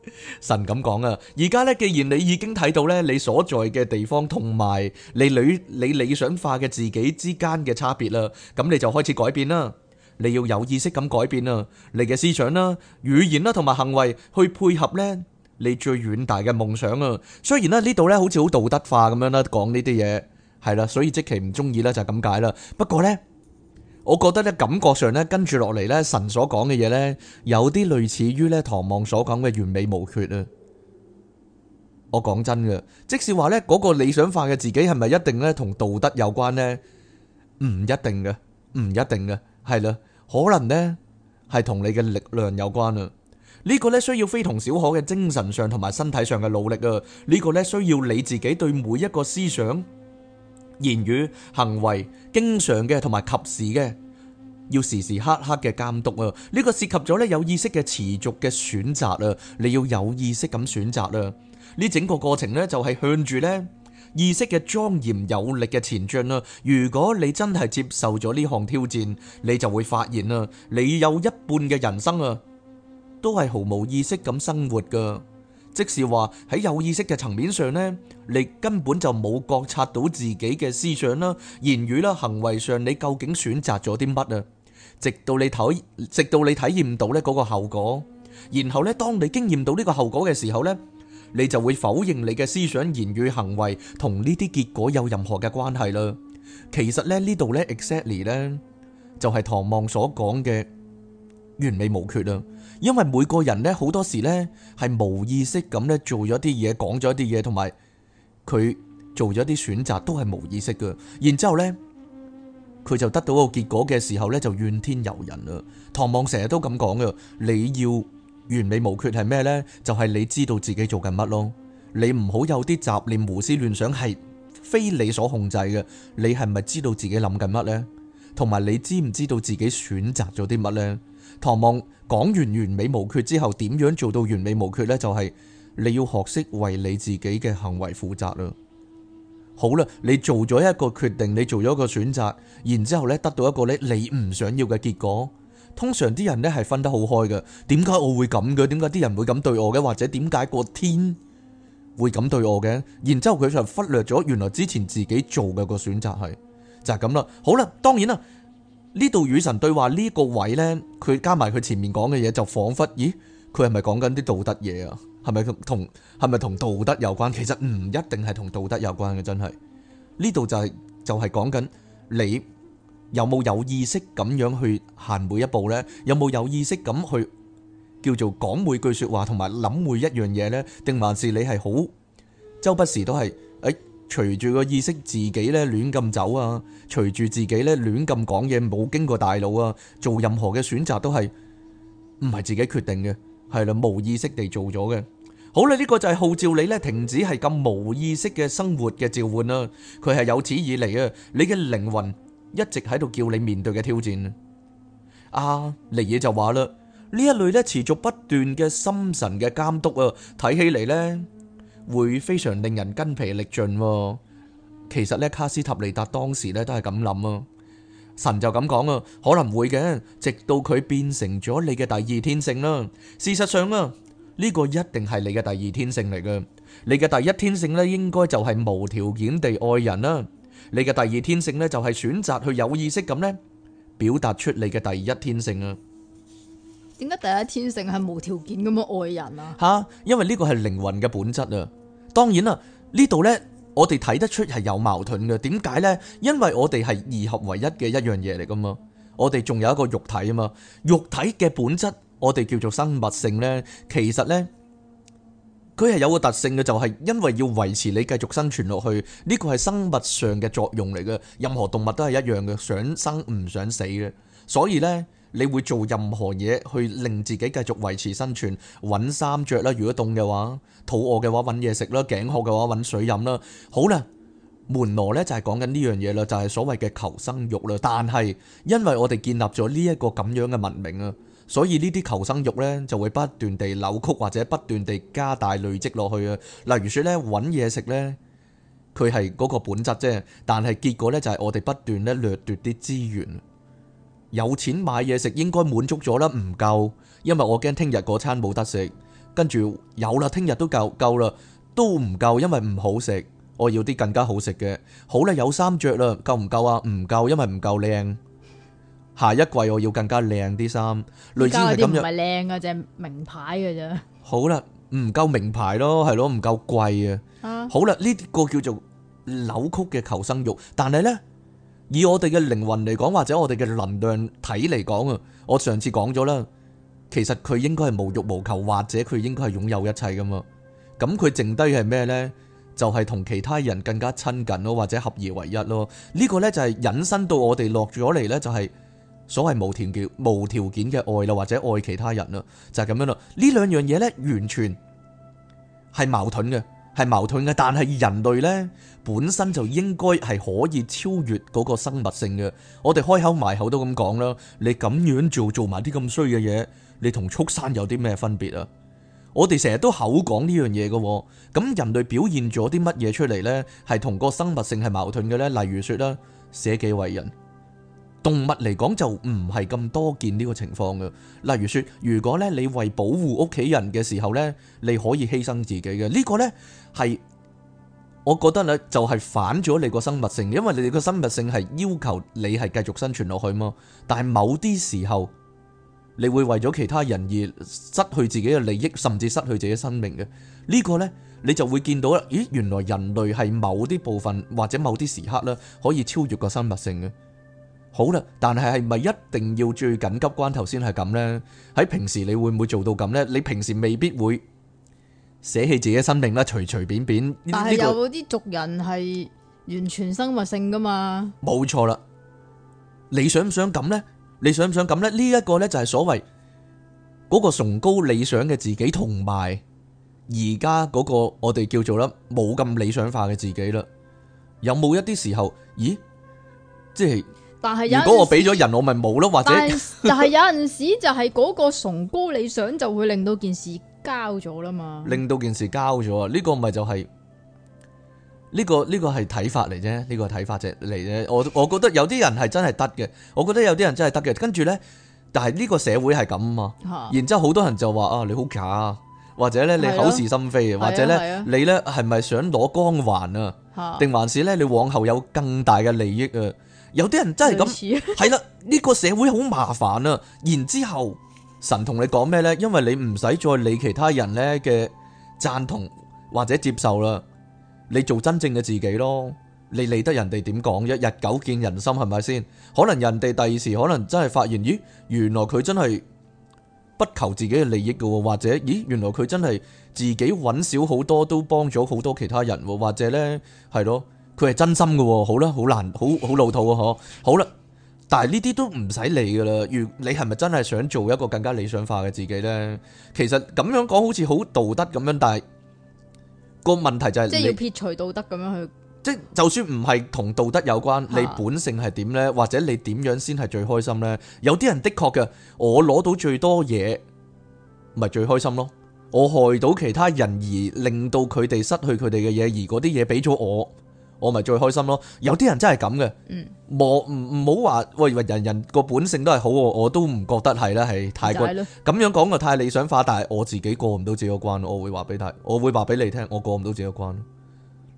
<laughs> 神咁講啊，而家呢，既然你已經睇到呢，你所在嘅地方同埋你理你理想化嘅自己之間嘅差別啦，咁你就開始改變啦。你要有意識咁改變啊，你嘅思想啦、語言啦同埋行為去配合咧，你最遠大嘅夢想啊。雖然咧呢度咧，好似好道德化咁樣啦，講呢啲嘢係啦，所以即其唔中意咧，就咁解啦。不過咧，我覺得咧，感覺上咧，跟住落嚟咧，神所講嘅嘢咧有啲類似於咧唐望所講嘅完美無缺啊。我講真㗎，即使話咧嗰個理想化嘅自己係咪一定咧同道德有關咧？唔一定嘅，唔一定嘅，係啦。可能呢係同你嘅力量有關啊。呢個呢需要非同小可嘅精神上同埋身體上嘅努力啊。呢個呢需要你自己對每一個思想、言語、行為，經常嘅同埋及時嘅，要時時刻刻嘅監督啊。呢個涉及咗呢有意識嘅持續嘅選擇啊，你要有意識咁選擇啦。呢整個過程呢，就係向住呢。意識嘅莊嚴有力嘅前進啦！如果你真係接受咗呢項挑戰，你就會發現啦，你有一半嘅人生啊，都係毫無意識咁生活㗎。即是話喺有意識嘅層面上咧，你根本就冇覺察到自己嘅思想啦、言語啦、行為上你究竟選擇咗啲乜啊！直到你體，直到你體驗到咧嗰個後果，然後咧，當你經驗到呢個後果嘅時候咧。你就會否認你嘅思想、言語、行為同呢啲結果有任何嘅關係啦。其實咧呢度呢，exactly 呢，呢 exactly, 就係唐望所講嘅完美無缺啦。因為每個人呢，好多時呢，係無意識咁呢做咗啲嘢、講咗啲嘢，同埋佢做咗啲選擇都係無意識嘅。然之後咧佢就得到一個結果嘅時候呢，就怨天尤人啦。唐望成日都咁講嘅：「你要。完美無缺係咩呢？就係、是、你知道自己做緊乜咯。你唔好有啲雜念、胡思亂想，係非你所控制嘅。你係咪知道自己諗緊乜呢？同埋你知唔知道自己選擇咗啲乜呢？唐望講完完美無缺之後，點樣做到完美無缺呢？就係、是、你要學識為你自己嘅行為負責啦。好啦，你做咗一個決定，你做咗一個選擇，然之後咧得到一個咧你唔想要嘅結果。通常啲人咧係分得好開嘅，點解我會咁嘅？點解啲人會咁對我嘅？或者點解個天會咁對我嘅？然之後佢就忽略咗，原來之前自己做嘅個選擇係就係咁啦。好啦，當然啦，呢度與神對話呢個位呢，佢加埋佢前面講嘅嘢，就仿佛咦，佢係咪講緊啲道德嘢啊？係咪同同係咪同道德有關？其實唔一定係同道德有關嘅，真係呢度就係就係講緊你。有冇有意識咁樣去行每一步呢？有冇有意識咁去叫做講每句説話同埋諗每一樣嘢呢？定還是你係好周不時都係誒？隨住個意識自己咧亂咁走啊，隨住自己咧亂咁講嘢，冇經過大腦啊，做任何嘅選擇都係唔係自己決定嘅？係啦，冇意識地做咗嘅。好啦，呢個就係號召你咧，停止係咁冇意識嘅生活嘅召喚啦。佢係有此以嚟啊，你嘅靈魂。一直喺度叫你面對嘅挑戰，阿尼爾就話啦：呢一類咧持續不斷嘅心神嘅監督啊，睇起嚟咧會非常令人筋疲力盡。其實咧，卡斯塔尼達當時咧都係咁諗啊。神就咁講啊，可能會嘅，直到佢變成咗你嘅第二天性啦。事實上啊，呢個一定係你嘅第二天性嚟嘅。你嘅第一天性咧，應該就係無條件地愛人啦。你嘅第二天性呢，就係選擇去有意識咁呢，表達出你嘅第一天性啊。點解第一天性係無條件咁樣愛人啊？吓、啊，因為呢個係靈魂嘅本質啊。當然啦、啊，呢度呢，我哋睇得出係有矛盾嘅。點解呢？因為我哋係二合為一嘅一樣嘢嚟噶嘛。我哋仲有一個肉體啊嘛。肉體嘅本質，我哋叫做生物性呢，其實呢。佢係有個特性嘅，就係因為要維持你繼續生存落去，呢個係生物上嘅作用嚟嘅。任何動物都係一樣嘅，想生唔想死嘅。所以呢，你會做任何嘢去令自己繼續維持生存，搵衫着啦，如果凍嘅話，肚餓嘅話搵嘢食啦，頸渴嘅話搵水飲啦。好啦，門羅呢就係講緊呢樣嘢啦，就係所謂嘅求生欲啦。但係因為我哋建立咗呢一個咁樣嘅文明啊。所以呢啲求生欲呢，就會不斷地扭曲，或者不斷地加大累積落去啊！例如説咧，揾嘢食呢，佢係嗰個本質啫。但係結果呢，就係、是、我哋不斷咧掠奪啲資源。有錢買嘢食應該滿足咗啦，唔夠，因為我驚聽日嗰餐冇得食。跟住有啦，聽日都夠，夠啦，都唔夠，因為唔好食。我要啲更加好食嘅。好啦，有衫著啦，夠唔夠啊？唔夠，因為唔夠靚。下一季我要更加靚啲衫。類似係咁樣，唔係靚嘅，就係名牌嘅啫。好啦，唔夠名牌咯，係咯，唔夠貴啊。好啦，呢個叫做扭曲嘅求生欲，但係咧，以我哋嘅靈魂嚟講，或者我哋嘅能量體嚟講啊，我上次講咗啦，其實佢應該係無欲無求，或者佢應該係擁有一切噶嘛。咁佢剩低係咩咧？就係同其他人更加親近咯，或者合二為一咯。呢個咧就係引申到我哋落咗嚟咧，就係。所謂無條件、無條件嘅愛啦，或者愛其他人啦，就係咁樣啦。呢兩樣嘢咧，完全係矛盾嘅，係矛盾嘅。但係人類呢，本身就應該係可以超越嗰個生物性嘅。我哋開口埋口都咁講啦，你咁樣做做埋啲咁衰嘅嘢，你同畜生有啲咩分別啊？我哋成日都口講呢樣嘢嘅，咁人類表現咗啲乜嘢出嚟呢？係同個生物性係矛盾嘅呢，例如說啦，捨己為人。動物嚟講就唔係咁多見呢個情況嘅。例如說，如果咧你為保護屋企人嘅時候呢，你可以犧牲自己嘅。呢個呢，係我覺得呢，就係反咗你個生物性，因為你哋個生物性係要求你係繼續生存落去嘛。但係某啲時候你會為咗其他人而失去自己嘅利益，甚至失去自己生命嘅。呢個呢，你就會見到啦。咦，原來人類係某啲部分或者某啲時刻咧可以超越個生物性嘅。好啦，但係係咪一定要最緊急關頭先係咁咧？喺平時你會唔會做到咁咧？你平時未必會捨棄自己嘅生命啦，隨隨便便。但係有啲族人係完全生物性噶嘛，冇錯啦，你想唔想咁咧？你想唔想咁咧？呢一個咧就係所謂嗰個崇高理想嘅自己，同埋而家嗰個我哋叫做啦冇咁理想化嘅自己啦。有冇一啲時候，咦，即係？但係如果我俾咗人，我咪冇咯，或者？但係有陣時就係嗰個崇高理想，就會令到件事交咗啦嘛。令到件事交咗啊？呢、這個咪就係、是、呢、這個呢、這個係睇法嚟啫，呢、這個睇法啫嚟啫。我我覺得有啲人係真係得嘅，我覺得有啲人，人真係得嘅。跟住咧，但係呢個社會係咁啊嘛。然之後好多人就話啊，你好假啊，或者咧你口是心非，的或者咧你咧係咪想攞光環啊？定的還是咧你往後有更大嘅利益啊？有啲人真係咁，係啦似，呢、 <laughs> 呢個社會好麻煩啊。然之後，神同你講咩呢？因為你唔使再理其他人呢嘅讚同或者接受啦，你做真正嘅自己咯。你理得人哋點講？一日久見人心，係咪先？可能人哋第二時可能真係發現咦，原來佢真係不求自己嘅利益噶，或者咦，原來佢真係自己揾少好多都幫咗好多其他人，或者呢，係咯。佢係真心嘅喎，好啦，好難，好好老土啊，嗬，好啦，但係呢啲都唔使理噶啦。如你係咪真係想做一個更加理想化嘅自己呢？其實咁樣講好似好道德咁樣，但係個問題就係你，即係要撇除道德咁樣去，即就算唔係同道德有關，你本性係點呢？或者你點樣先係最開心呢？有啲人的確嘅，我攞到最多嘢，咪最開心咯。我害到其他人而令到佢哋失去佢哋嘅嘢，而嗰啲嘢俾咗我。我咪最開心咯！有啲人真係咁嘅，冇唔唔好話喂，話人人個本性都係好，我都唔覺得係啦，係太過咁樣講就太理想化。但係我自己過唔到自己個關，我會話俾大，我會話俾你聽，我過唔到自己個關。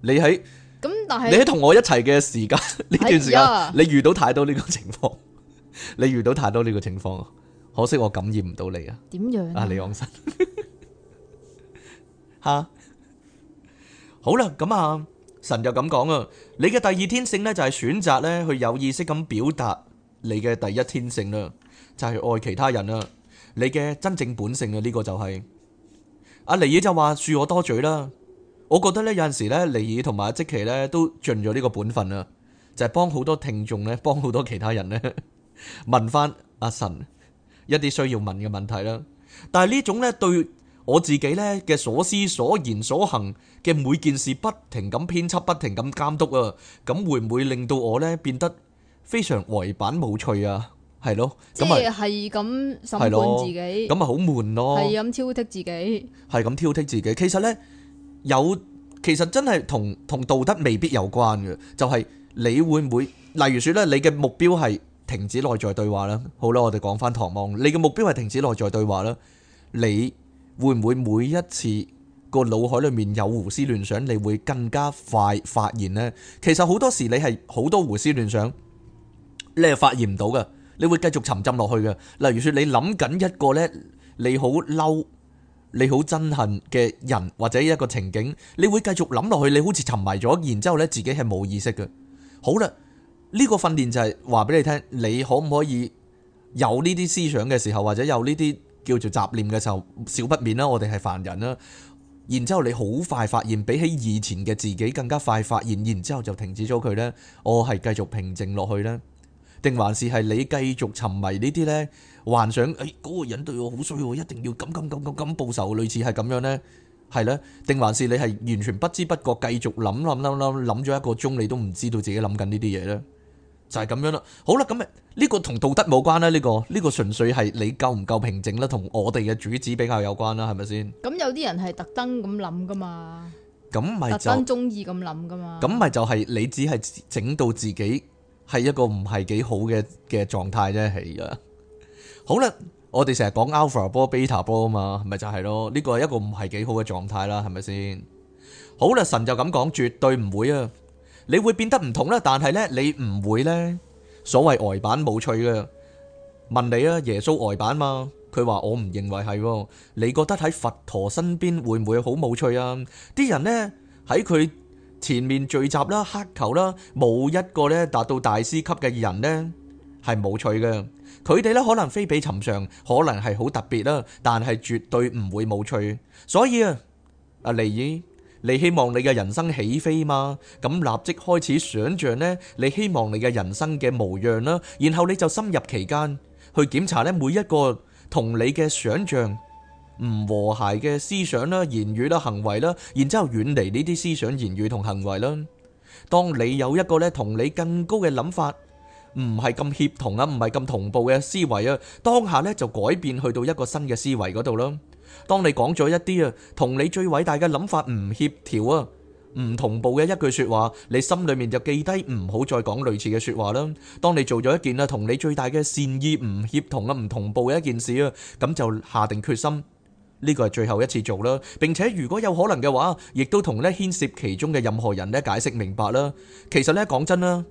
你喺咁但係是你喺同我一齊嘅時間呢是 <laughs> 段時間，啊、你遇到太多呢個情況， <laughs> 你遇到太多呢個情況可惜我感染唔到你啊！點樣啊？李昂新吓好啦，咁啊～神就咁講啊，你嘅第二天性呢，就係選擇呢去有意識咁表達你嘅第一天性啦，就係、是、愛其他人啦，你嘅真正本性啊呢、這個就係、是。阿尼爾就話「恕我多嘴啦，我覺得呢有陣時呢，尼爾同埋阿積琪呢都盡咗呢個本分啦，就係幫好多聽眾呢，幫好多其他人呢。」問返阿神一啲需要問嘅問題啦，但係呢種呢對。我自己咧嘅所思所言所行嘅每件事，不停咁編輯，不停咁監督啊，咁會唔會令到我咧變得非常呆板冇趣啊？係咯，咁係係咁審判自己，咁咪好悶咯，係咁挑剔自己，係咁挑剔自己。其實咧有，其實真係同同道德未必有關嘅，就係你會唔會，例如說咧，你嘅目標係停止內在對話啦。好啦，我哋講翻唐望，你嘅目標係停止內在對話啦，你。會唔會每一次個腦海裡面有胡思亂想，你會更加快發現呢？其實好多時你係好多胡思亂想，你係發現唔到嘅，你會繼續沉浸落去嘅。例如說你你，你諗緊一個呢：「你好嬲、你好憎恨嘅人或者一個情景，你會繼續諗落去，你好似沉迷咗，然之後呢，自己係冇意識嘅。好啦，呢、呢個訓練就係話俾你聽，你可唔可以有呢啲思想嘅時候或者有呢啲？叫做雜念嘅時候少不免啦，我哋係凡人啦。然之後你好快發現，比起以前嘅自己更加快發現，然之後就停止咗佢咧。我係繼續平靜落去咧，定還是係你繼續沉迷呢啲呢幻想？哎，嗰個人對我好衰喎，一定要咁咁咁咁咁報仇。類似係咁樣呢，係咧，定還是你係完全不知不覺繼續諗諗諗諗諗咗一個鐘，你都唔知道自己諗緊呢啲嘢咧？就係咁樣啦，好啦，咁咪呢個同道德冇關啦，呢個呢個純粹係你夠唔夠平靜啦，同我哋嘅主旨比較有關啦，係咪先？咁有啲人係特登咁諗噶嘛？咁咪特登中意咁諗噶嘛？咁咪就係你只係整到自己係一個唔係幾好嘅嘅狀態啫，係啊。好啦，我哋成日講 alpha 波、beta 波啊嘛，係咪就係咯，呢個係一個唔係幾好嘅狀態啦，係咪先？好啦，神就咁講，絕對唔會啊。你會變得唔同啦，但係咧你唔會咧。所謂呆板冇趣嘅，問你啊，耶穌呆板嘛？佢話我唔認為係。你覺得喺佛陀身邊會唔會好冇趣啊？啲人咧喺佢前面聚集啦、乞求啦，冇一個咧達到大師級嘅人咧係冇趣嘅。佢哋咧可能非比尋常，可能係好特別啦，但係絕對唔會冇趣。所以啊，阿尼爾。你希望你嘅人生起飛嘛？咁立即開始想象呢。你希望你嘅人生嘅模樣啦，然後你就深入其間去檢查呢，每一個同你嘅想象唔和諧嘅思想啦、言語啦、行為啦，然之後遠離呢啲思想、言語同行為啦。當你有一個呢同你更高嘅諗法，唔係咁協同啊，唔係咁同步嘅思維啊，當下呢就改變去到一個新嘅思維嗰度咯。當你講咗一啲啊，同你最偉大嘅諗法唔協調啊，唔同步嘅一句說話，你心裏面就記低，唔好再講類似嘅說話啦。當你做咗一件啊，同你最大嘅善意唔協同啊，唔同步嘅一件事啊，咁就下定決心，呢個係最後一次做啦。並且如果有可能嘅話，亦都同呢牽涉其中嘅任何人呢解釋明白啦。其實呢，講真啦，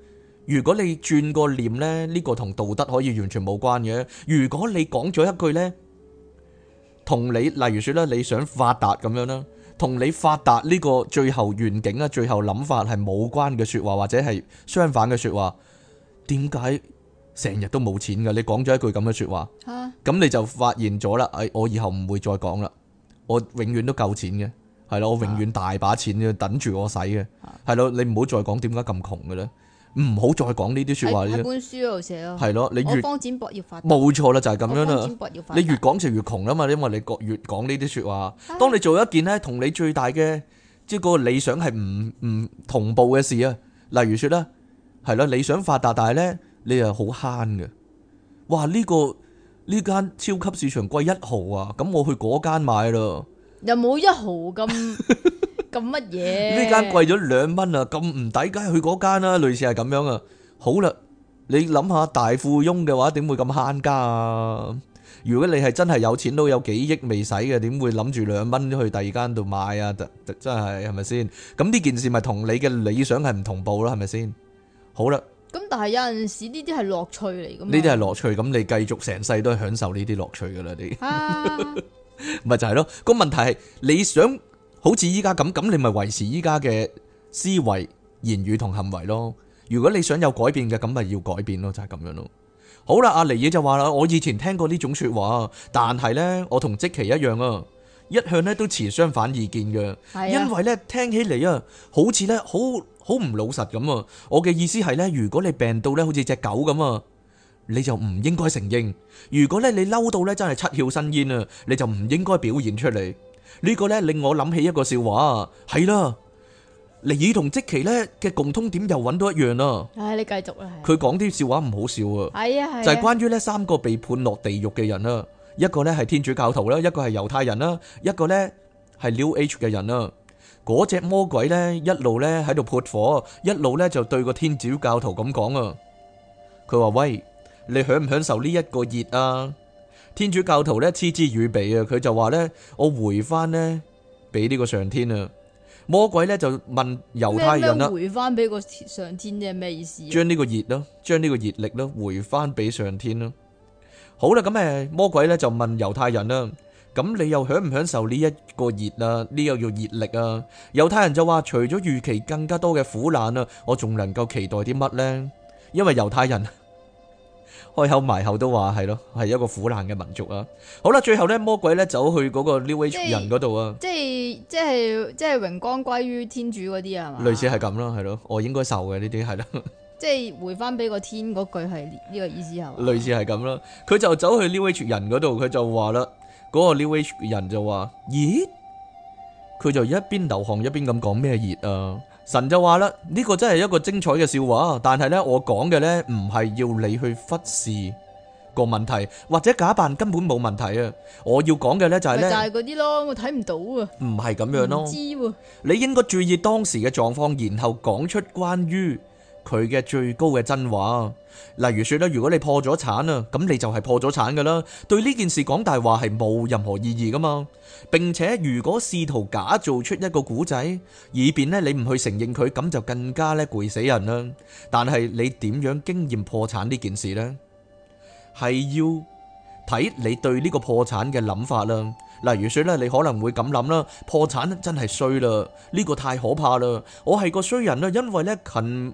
如果你轉個念呢，呢個同道德可以完全冇關嘅。如果你講咗一句呢，同你，例如說咧，你想發達咁樣啦，同你發達呢個最後願景啊、最後諗法係冇關嘅說話，或者係相反嘅說話，點解成日都冇錢㗎？你講咗一句咁嘅說話，咁、啊、你就發現咗啦。哎，我以後唔會再講啦，我永遠都夠錢嘅，係啦，我永遠大把錢嘅，啊、等住我使嘅，係咯，你唔好再講點解咁窮嘅啦。唔好再講呢啲說話。本書又寫係咯，你越方剪薄要發達，冇錯啦，就係、是、咁樣啦。你越講就越窮啦嘛，因為你越講呢啲說話。當你做一件咧同你最大嘅即係個理想係唔唔同步嘅事啊，例如說咧，係啦，理想發達，但係咧你又好慳嘅。哇！呢、這個呢間、這個、超級市場貴一毫啊，咁我去嗰間買啦。又冇一毫咁？ <laughs> 咁乜嘢？呢間貴咗兩蚊啊！咁唔抵，梗係去嗰間啦。類似係咁樣啊。好啦，你諗下大富翁嘅話，點會咁慳家啊？如果你係真係有錢，都有幾億未使嘅，點會諗住兩蚊去第二間度買啊？真係係咪先？咁呢件事咪同你嘅理想係唔同步咯？係咪先？好啦。咁但係有陣時呢啲係樂趣嚟噶嘛？呢啲係樂趣，咁你繼續成世都係享受呢啲樂趣噶啦，你。咪就係咯。個問題係你想。好似依家咁，咁你咪維持依家嘅思維、言語同行為咯。如果你想有改變嘅，咁咪要改變咯，就係、是、咁樣咯。好啦，尼爾就話啦，我以前聽過呢種說話，但係呢，我同即其一樣啊，一向呢都持相反意見嘅。係啊、因為呢，聽起嚟啊，好似呢，好好唔老實咁啊。我嘅意思係呢，如果你病到呢好似隻狗咁啊，你就唔應該承認；如果呢，你嬲到呢真係七竅生煙啊，你就唔應該表現出嚟。呢個呢，令我諗起一個笑話啊，係啦，尼爾同即奇呢嘅共通點又揾到一樣啦。唉、哎，你繼續啦。佢講啲笑話唔好笑啊。係啊係。就係關於呢三個被判落地獄嘅人啊。一個呢係天主教徒啦，一個係猶太人啦，一個咧係 New Age 嘅人啊。嗰、那、隻、個、魔鬼呢，一路呢喺度潑火，一路呢就對個天主教徒咁講啊。佢話喂，你享唔享受呢一個熱啊？天主教徒咧，嗤之以鼻啊，佢就話咧，我回翻咧，俾呢個上天啊。魔鬼咧就問猶太人啦，回翻俾個上天即係咩意思？將呢個熱咯，將呢個熱力咯，回翻俾上天咯。好啦，咁誒魔鬼咧就問猶太人啦，咁你又享唔享受呢一個熱啊？呢個叫熱力啊？猶太人就話除咗預期更加多嘅苦難啊，我仲能夠期待啲乜呢？因為猶太人。開口埋口都話係咯，係一個苦難嘅民族啊！好啦，最後咧，魔鬼咧走去嗰個 New Age 人嗰度啊，即係即係即係榮光歸於天主嗰啲啊嘛，類似係咁咯，係咯，我應該受嘅呢啲係咯，即係回翻俾個天嗰句係呢個意思係嘛？類似係咁咯，佢就走去 New Age 人嗰度，佢就話啦，嗰、那個 New Age 人就話熱，佢、欸、就一邊流汗一邊咁講咩熱啊！神就話啦，呢個真係一個精彩嘅笑話，但係呢，我講嘅呢唔係要你去忽視個問題，或者假扮根本冇問題啊！我要講嘅呢就係呢，就係嗰啲咯，我睇唔到啊，唔係咁樣咯，唔知喎，你應該注意當時嘅狀況，然後講出關於。佢嘅最高嘅真話，例如說咧，如果你破咗產啊，咁你就係破咗產噶啦。對呢件事講大話係冇任何意義噶嘛，並且如果試圖假造出一個故仔，以便咧你唔去承認佢，咁就更加咧攰死人啦。但係你點樣經驗破產呢件事咧？係要睇你對呢個破產嘅諗法啦。例如說咧，你可能會咁諗啦，破產真係衰啦，呢個太可怕啦，我係個衰人啦，因為咧近。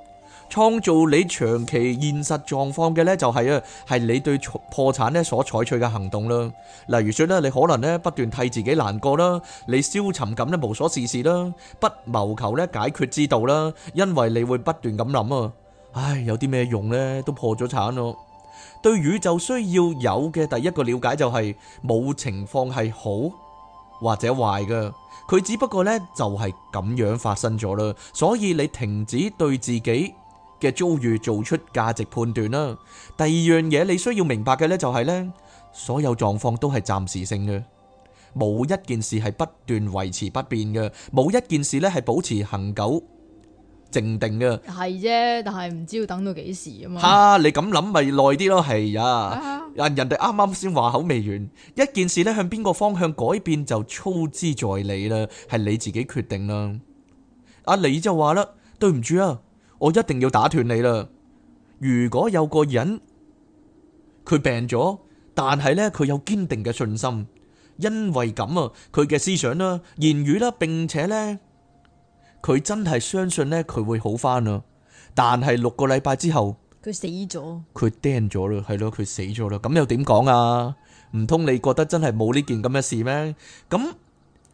創造你長期現實狀況嘅呢、就是，就係啊，係你對破產咧所採取嘅行動啦。例如說咧，你可能咧不斷替自己難過啦，你消沉咁咧無所事事啦，不謀求咧解決之道啦，因為你會不斷咁諗啊，唉，有啲咩用呢？都破咗產咯。對宇宙需要有嘅第一個了解就係、是、冇情況係好或者壞噶，佢只不過呢，就係咁樣發生咗啦。所以你停止對自己嘅遭遇做出價值判斷啦。第二樣嘢你需要明白嘅呢，就係呢：所有狀況都係暫時性嘅，冇一件事係不斷維持不變嘅，冇一件事呢係保持恒久靜定嘅。係啫，但係唔知要等到幾時啊嘛。嚇，你咁諗咪耐啲咯，係啊。啊，人哋啱啱先話口未完，一件事呢向邊個方向改變就操之在你啦，係你自己決定啦。阿李就話啦：對唔住啊！我一定要打斷你啦！如果有個人佢病咗，但係呢佢有堅定嘅信心，因為咁啊，佢嘅思想啦、言語啦，並且呢佢真係相信呢佢會好返啊！但係六個禮拜之後，佢死咗，佢癲咗啦，係咯，佢死咗啦，咁又點講啊？唔通你覺得真係冇呢件咁嘅事咩？咁，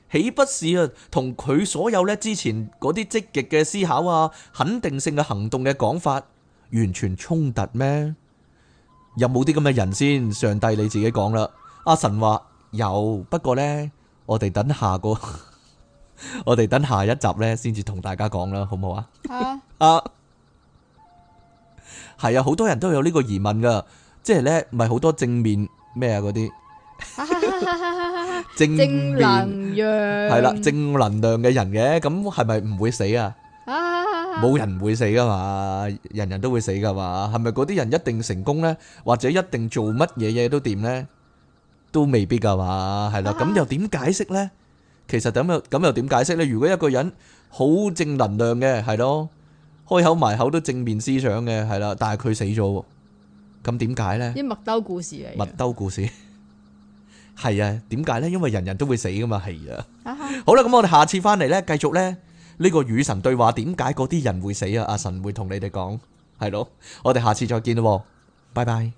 豈不是啊？同佢所有咧之前嗰啲積極嘅思考啊、肯定性嘅行動嘅講法完全衝突咩？有冇啲咁嘅人先？上帝你自己講啦。阿神話有，不過呢，我哋等下個， <laughs> 我哋等下一集咧，先至同大家講啦，好唔好啊？ <laughs> 啊，係啊，好多人都有呢個疑問噶，即係呢，唔係好多正面咩啊嗰啲。 <laughs> 正能量係啦，正能量嘅人嘅，咁係咪唔會死啊？冇人唔會死噶嘛，人人都會死噶嘛，係咪嗰啲人一定成功呢，或者一定做乜嘢嘢都掂呢，都未必噶嘛，係啦，咁又點解釋呢？其實咁又咁又點解釋呢？如果一個人好正能量嘅，係咯，開口埋口都正面思想嘅，係啦，但係佢死咗，咁點解呢？啲麥兜故事嚟，麥兜故事。係啊，點解呢？因為人人都會死噶嘛，係啊。 <laughs> 好啦，咁我哋下次翻嚟呢，繼續呢，呢個與神對話。點解嗰啲人會死啊？阿神會同你哋講，係咯。我哋下次再見咯，拜拜。